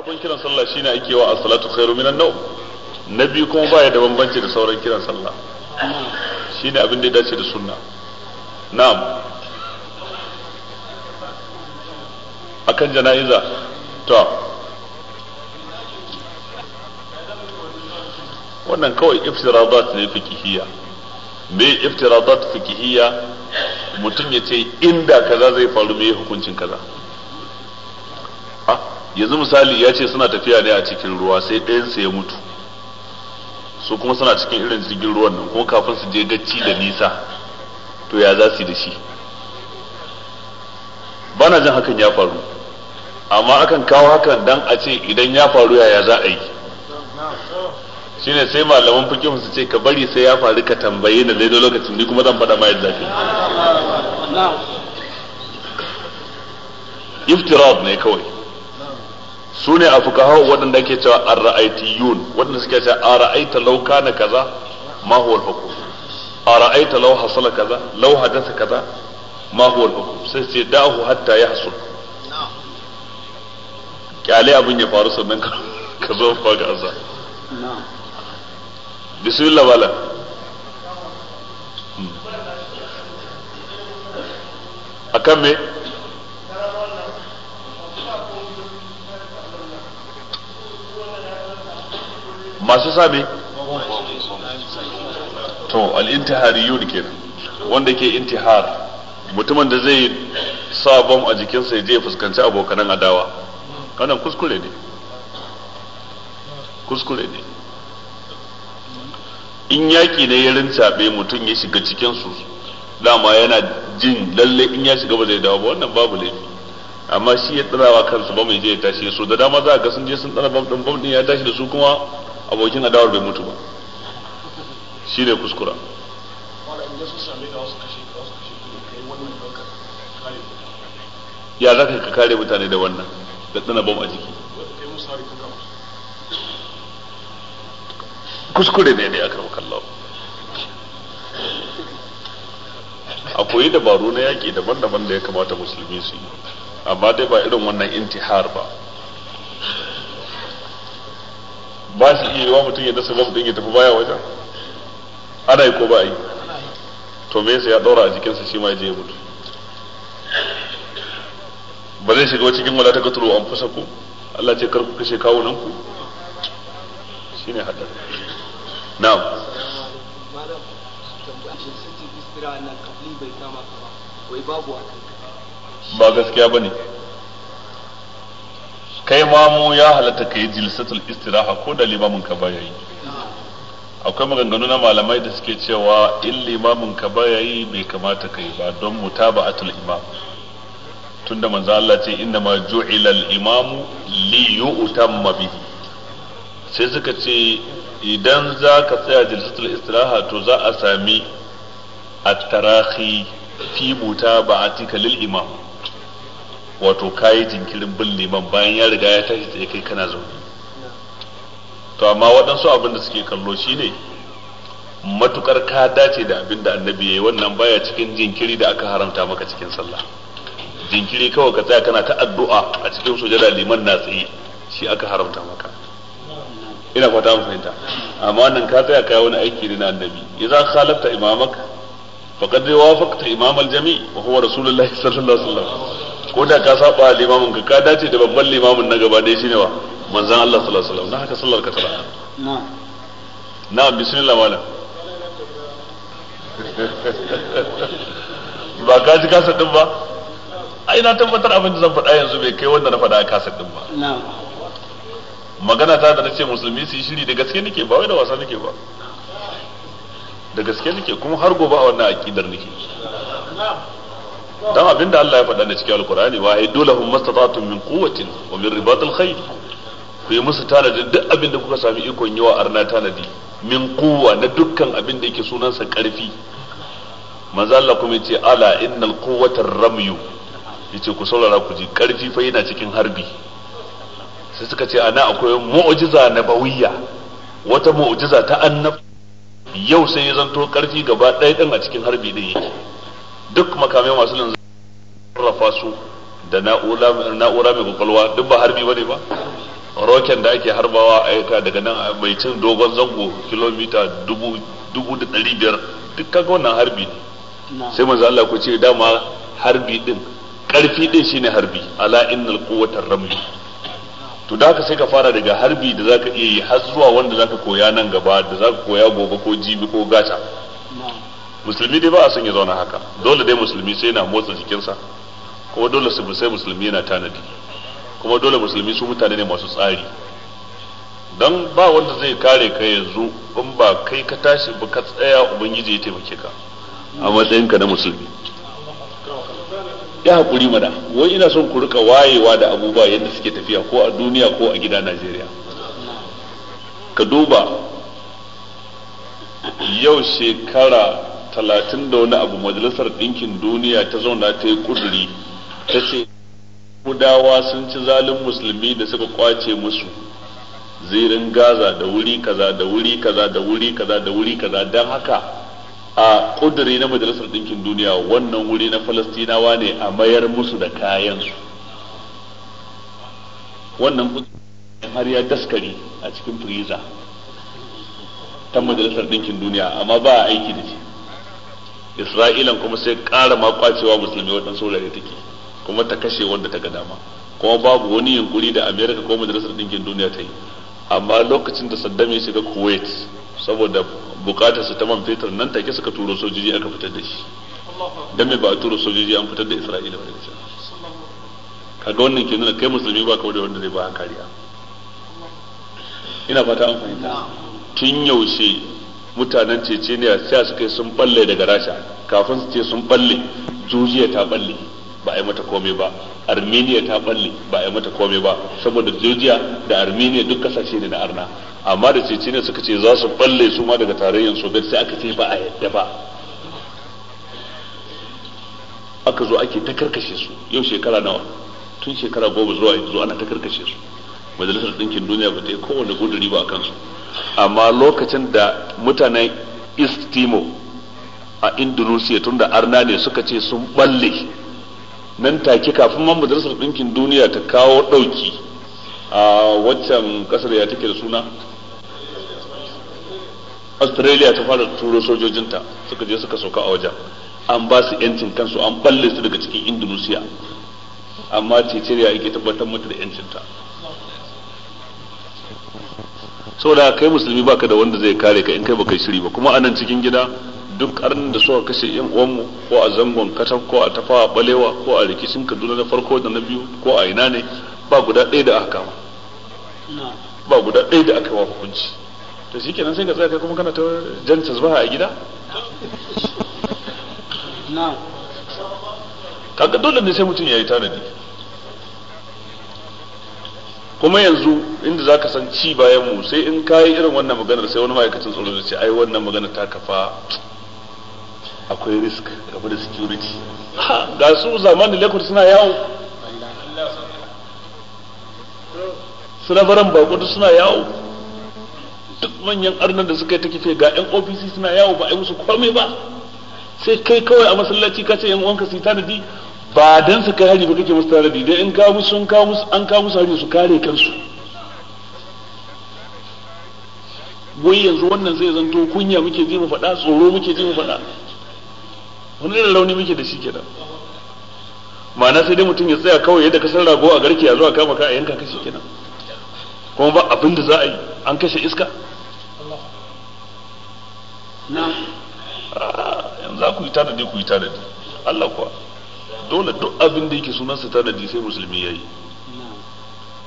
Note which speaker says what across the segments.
Speaker 1: farkon kiran sallah shine ake wa as-salatu khairu minan nawm na biyu kuma baya da bambanci da sauran kiran sallah shine abin da ya dace da sunna na'am akan jana'iza to wannan kawai iftiradat ne fikihiyya me iftiradat fikihiyya mutum ya ce inda kaza zai faru me hukuncin kaza ah, yanzu misali ya ce suna tafiya ne a cikin ruwa sai ɗayansu ya mutu su kuma suna cikin irin jirgin ruwan nan kuma kafin su je gacci da nisa to ya za su da shi bana jin hakan ya faru amma akan kawo hakan dan a ce idan ya faru yaya za a yi shine sai malaman fikihu su ce ka bari sai ya faru ka tambaye na daidai lokacin ni kuma zan faɗa ma yadda zafi iftirad ne kawai su ne a fuka hau waɗanda ke cewa an ra'aiti yun waɗanda suke cewa a ra'aita lauka na kaza ma huwal hukum a ra'aita lau hasala kaza lau hadasa kaza ma huwal hukum sai ce dahu hatta ya hasu kyale abin ya faru sannan ka zo fa ga azza bismillah wala hmm. akan me masu sa me to al-intihariyun kenan wanda ke intihar mutumin da zai sa bom a jikinsa ya je ya fuskanci abokanan adawa wannan kuskure ne kuskure ne in yaki ne ya rincaɓe mutum ya shiga cikin su dama yana jin lalle in ya shiga ba zai dawo ba wannan babu laifi amma shi ya tsirawa kansu ba mai je ya tashi su da dama za a ga sun je sun tsara bam din bam din ya tashi da su kuma abokin adawar bai mutu ba shi ne kuskura ya za ka kare mutane da wannan da tsana bom a jiki kuskure ne ne a kallon a koyi dabaru na yaƙi daban-daban da ya kamata musulmi su yi amma dai ba irin wannan intihar ba ba shi iya wa mutum ya dasa zama din ya tafi baya wajen ana yi ko ba yi to me yasa ya ɗora a jikinsa shi ma ya je ya mutu ba zai shiga cikin wala ta katulu an fasa ku Allah ce kar ku kashe kawunan ku ne hadari na'am ba gaskiya ba ne. kai mamu ya halatta ka yi jilsatul istiraha ko da limamin ka baya yi akwai maganganu na malamai da suke cewa in limamin ka baya yi bai kamata ka yi ba don mutaba'atul imam tunda manzo Allah ce inna ma ju'ila imamu li yu'tamma bihi sai suka ce idan za ka tsaya jilsatul istiraha to za a sami at-tarahi fi mutaba'atika lil imam wato kayi jinkirin bin liman bayan ya riga ya tashi tsaye kai kana zaune to amma waɗansu abin da suke kallo shi ne matukar ka dace da abin da annabi ya yi wannan baya cikin jinkiri da aka haramta maka cikin sallah jinkiri kawai ka tsaya kana ta addu'a a cikin sujada liman na tsaye shi aka haramta maka ina fata mu fahimta amma wannan ka tsaya kai wani aiki ne na annabi idza khalafta imamak faqad wafaqta imamal jami' wa huwa rasulullahi sallallahu alaihi wasallam ko da ka saba limamin ka ka dace da babban limamin na gaba dai shine wa manzon Allah sallallahu alaihi wasallam na haka sallar ka tsara na'am na'am bismillah malam ba ka ji kasa din ba ai na tabbatar abin da zan faɗa yanzu bai kai wanda na faɗa a kasa din ba magana ta da nace musulmi su yi shiri da gaske nake ba wai da wasa nake ba da gaske nake kuma har gobe a wannan aqidar nake na'am dan abinda Allah ya faɗa ne cikin alkur'ani wa aidulahum mastata'tum min quwwatin wa min ribatil khayl ku yi musu tanadi duk abinda kuka sami ikon yawa arna tanadi min quwwa na dukkan abinda yake sunansa karfi manzo Allah kuma yace ala innal quwwata ramyu yace ku saurara ku ji karfi fa yana cikin harbi sai suka ce ana akwai mu'jiza nabawiyya wata mu'jiza ta annab yau sai ya zanto karfi gaba ɗaya din a cikin harbi din yake duk makamai masu lanzu rarrafa su da na'ura mai kwakwalwa duk ba harbi ba ne ba roken da ake harbawa a yaka daga nan mai cin dogon zango kilomita dubu da ɗari biyar duk kaga wannan harbi ne sai manzo Allah ku ce dama harbi din karfi din shine harbi ala innal quwwatar ramli to da haka sai ka fara daga harbi da zaka iya yi har zuwa wanda zaka koya nan gaba da zaka koya gobe ko jibi ko gata musulmi dai ba a son ya zauna haka dole dai musulmi sai na motsa jikinsa kuma dole su sai musulmi yana tanadi kuma dole musulmi su mutane ne masu tsari don ba wanda zai kare ka yanzu in ba kai ka tashi ba ka tsaya ubangiji ya taimake ka a matsayinka na musulmi ya hakuri mana wai ina son ku rika wayewa da abubuwa yadda suke tafiya ko a duniya ko a gida najeriya ka duba yau shekara talatin da wani abu majalisar ɗinkin duniya ta zauna ta yi ƙuduri ta ce kudawa sun ci zalin musulmi da suka kwace musu zirin gaza da wuri kaza da wuri kaza da wuri kaza da wuri kaza don haka a ƙuduri na majalisar ɗinkin duniya wannan wuri na falastinawa ne a mayar musu da kayansu wannan ƙuduri har ya daskari a cikin firiza ta majalisar ɗinkin duniya amma ba a aiki da shi isra'ilan kuma sai ƙara ma kwacewa musulmi waɗansu wurare take kuma ta kashe wanda ta ga dama kuma babu wani yunkuri da america ko majalisar ɗinkin duniya ta yi amma lokacin da saddam ya shiga kuwait saboda bukatar su ta man fetur nan take suka turo sojoji aka fitar da shi dan me ba a turo sojoji an fitar da isra'ila ba daga kaga wannan ke nuna kai musulmi ba kawai wanda zai ba kariya ina fata an fahimta tun yaushe mutanen ceceniya sai suka sun balle daga rasha kafin su ce sun balle jujiya ta balle ba a yi mata komai ba armenia ta balle ba a yi mata komai ba saboda jujiya da armenia duk kasashe ne na arna amma da ceceniya suka ce za su balle su ma daga tarayyar soviet sai aka ce ba a yadda ba aka zo ake ta karkashe su yau shekara nawa tun shekara goma zuwa yanzu ana ta karkashe su majalisar ɗinkin duniya ba ta yi kowane guduri ba a kansu amma lokacin da mutanen east timor a indonesia tun da arna ne suka ce sun balle nan take kafin man majalisar ɗinkin duniya ta kawo ɗauki a waccan kasar ya take da suna australia ta fara turo sojojinta suka je suka sauka a wajen an ba su yancin kansu an balle su daga cikin indonesia amma ceceriya ake tabbatar mata da yancinta saboda kai musulmi baka da wanda zai kare ka in kai baka shiri ba kuma anan cikin gida duk arnin da suka kashe yan uwanmu ko a zangon katab ko a tafawa balewa ko a rikicin kaduna na farko da na biyu ko a ina ne ba guda ɗaya da aka kama ba guda ɗaya da aka yi wa hukunci to shi kenan sai ka tsaya kai kuma kana ta jan tasbaha a gida kaga dole ne sai mutum ya yi tanadi kuma yanzu inda za ka san ci bayan mu sai in ka yi irin wannan maganar sai wani ma'aikacin tsaro da ce ai wannan magana ta kafa akwai risk game da security ga su zamanin lekwar suna yawo suna baran bako suna yawo duk manyan arnan da suka yi ta kife ga yan ofisi suna yawo ba a yi musu komai ba sai kai kawai a masallaci ka ce yan uwanka su yi tanadi ba dan su kai hari ba kake musu tarabi dai in ka musu ka musu an ka musu hari su kare kansu wai yanzu wannan zai zanto kunya muke ji mu faɗa tsoro muke ji mu faɗa wani irin rauni muke da shi kenan ma'ana sai dai mutum ya tsaya kawai yadda kasar rago a garke a zuwa kama ka a yanka kashi kenan kuma ba abin da za a yi an kashe iska ah, yanzu ku yi tanadi ku yi tanadi Allah kuwa dole duk abin da yake sunansa tanadi sai musulmi ya yi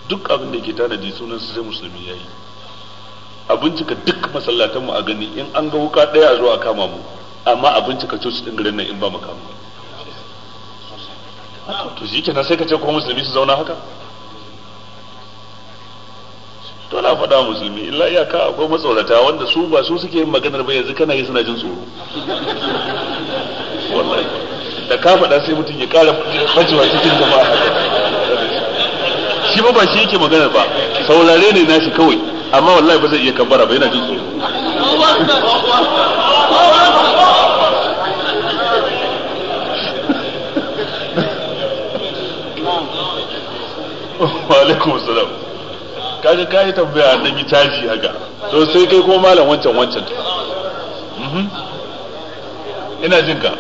Speaker 1: duk abin da yake tanadi sunansa sai musulmi ya yi a bincika duk masallatanmu a gani in an ga wuka ɗaya a zo a kama mu amma a bincika coci ɗin garin nan in ba mu kama to shi kenan sai ka ce ko musulmi su zauna haka dole a faɗa musulmi illa iyaka akwai matsorata wanda su ba su suke yin maganar ba yanzu kana yi suna jin tsoro wallahi da ka faɗa sai mutum ya ƙara bacewa cikin jama'a shi ba ba shi yake magana ba saurare ne nashi kawai amma wallahi ba zai iya kabbara ba yana jin tsoro wa alaikum salam ka kai tambaya nan yi caji haka to sai kai ko malam wancan wancan mhm. ina jin ka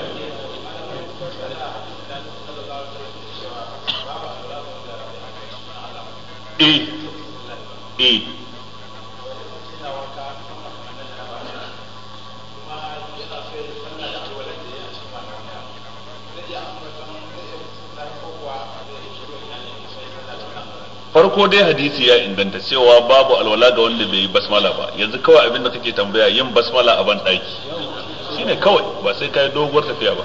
Speaker 1: E. e farko dai hadisi ya inganta cewa babu alwala ga wanda bai yi basmala ba yanzu kawai abinda kake tambaya yin basmala a ban ɗaki shine kawai ba sai kai doguwar tafiya ba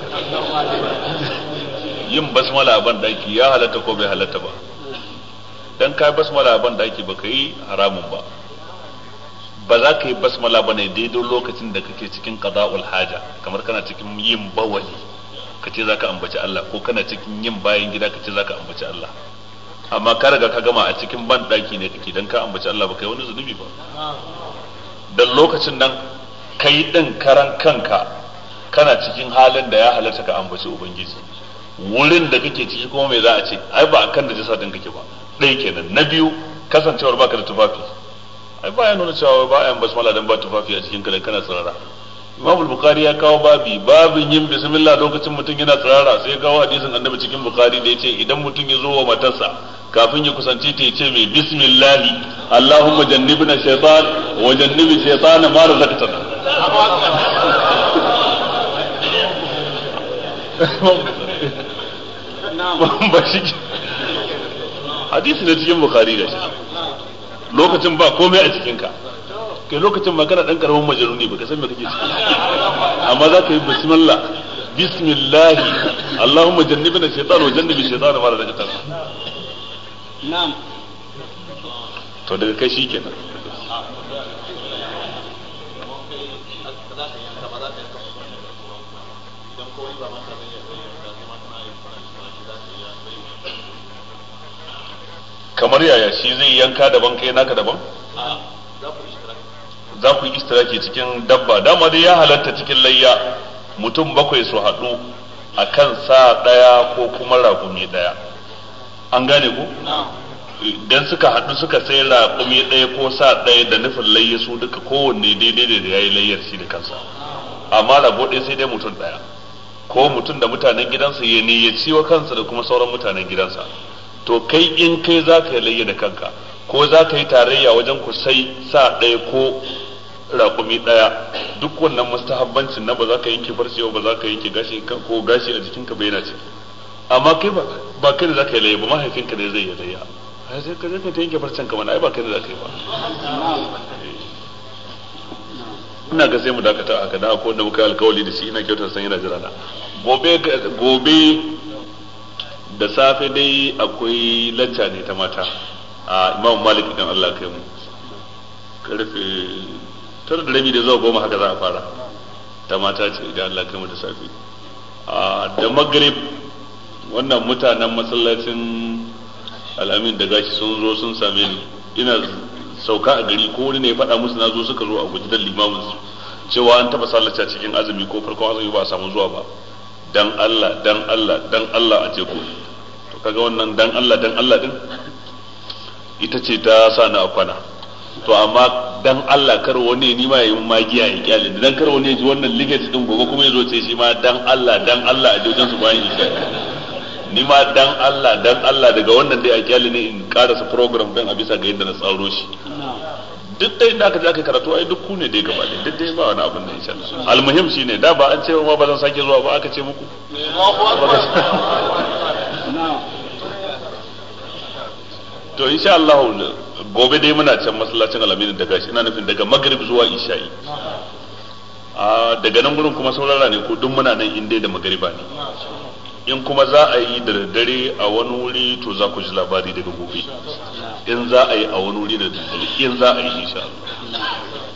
Speaker 1: yin basmala a ban ɗaki ya halatta ko bai halatta ba dan ka basmala ban da ake baka yi haramun ba ba za ka yi basmala ba ne daidai lokacin da kake cikin qada'ul haja kamar kana cikin yin bawali ka ce zaka ambaci Allah ko kana cikin yin bayan gida ka ce zaka ambaci Allah amma ka riga ka gama a cikin ban daki ne kake dan ka ambaci Allah baka yi wani zunubi ba dan lokacin nan kai din karan kanka kana cikin halin da ya halarta ka ambaci ubangiji wurin da kake ciki kuma me za a ce ai ba akan da jasa din kake ba ɗaya kenan na biyu kasancewar baka da tufafi ai baya nuna cewa ba ayan basmala dan ba tufafi a cikin kalan kana tsirara Imam Bukhari ya kawo babi babin yin bismillah lokacin mutum yana tsirara sai ya kawo hadisin Annabi cikin Bukhari da ya ce idan mutum ya zo wa matarsa kafin ya kusanci ta yace mai bismillah Allahumma jannibna shaytan wa jannibi shaytan ma razaqtana ba shi hadisi ne cikin bukhari da shi lokacin ba komai a ka kai lokacin ma kana dan karamin majaluni ba ka san me kake ciki amma za ka yi bismillah bismillah allahumma jannibna shaytan wa jannibi shaytan ma razaqtana na'am to daga kai shikenan kamar yaya shi zai yanka daban kai naka daban za ku yi istiraki cikin dabba dama dai ya halatta cikin layya mutum bakwai su haɗu a kan sa ɗaya ko kuma raƙumi ɗaya an gane ku idan suka haɗu suka sai raƙumi ɗaya ko sa ɗaya da nufin layya su duka kowanne daidai da ya yi layyar shi da kansa amma rabo ɗaya sai dai mutum ɗaya ko mutum da mutanen gidansa ya niyyaci wa kansa da kuma sauran mutanen gidansa to kai in kai za ka yi layya da kanka ko za ka yi tarayya wajen ku sai sa ɗaya ko raƙumi ɗaya duk wannan mustahabbancin na ba za ka yanke farce ba za ka yanke gashi ko gashi a jikinka bai yana ciki amma kai ba kai da za ka yi layya ba mahaifinka ne zai yi layya sai ka zai ta yanke farcen ka mana ai ba kai da za ka yi ba ina ga sai mu dakata haka da ko wanda muka yi alkawali da shi ina kyautar san yana jira na gobe gobe da safe dai akwai lacca ne ta mata a imam malik idan Allah kai mu karfe tara da rabi da zuwa goma haka za a fara ta mata ce idan Allah kai mu da safe a da maghrib wannan mutanen masallacin al'amin da gashi sun zo sun same ni ina sauka a gari ko wani ne ya faɗa musu na zo suka zo a guji da limamin su cewa an taɓa sallaca cikin azumi ko farkon azumi ba a samu zuwa ba dan Allah dan Allah dan Allah a ce ku to kaga wannan dan Allah dan Allah din ita ce ta sa kwana to amma dan Allah kar wani ni ma yayin magiya ya kyale dan kar wani ji wannan ligate din gobe kuma yazo ce shi ma dan Allah dan Allah a jojan su bayan isha ni ma dan Allah dan Allah daga wannan dai a kyale ne in karasa program din a bisa ga yadda na tsaro shi duk dai inda aka je aka karatu ai duk ku ne dai gaba dai duk dai ba wani abin da insha Allah almuhim shine da ba an ce ma ba zan sake zuwa ba aka ce muku to insha Allah gobe dai muna can masallacin alamin daga shi ina nufin daga maghrib zuwa isha'i ah, daga nan gurin kuma saurara ne ko duk muna nan inda da magariba ne in kuma za a yi da daddare a wani wuri to za ku ji labari daga gobe in za a yi a wani wuri da daddare in za a yi insha Allah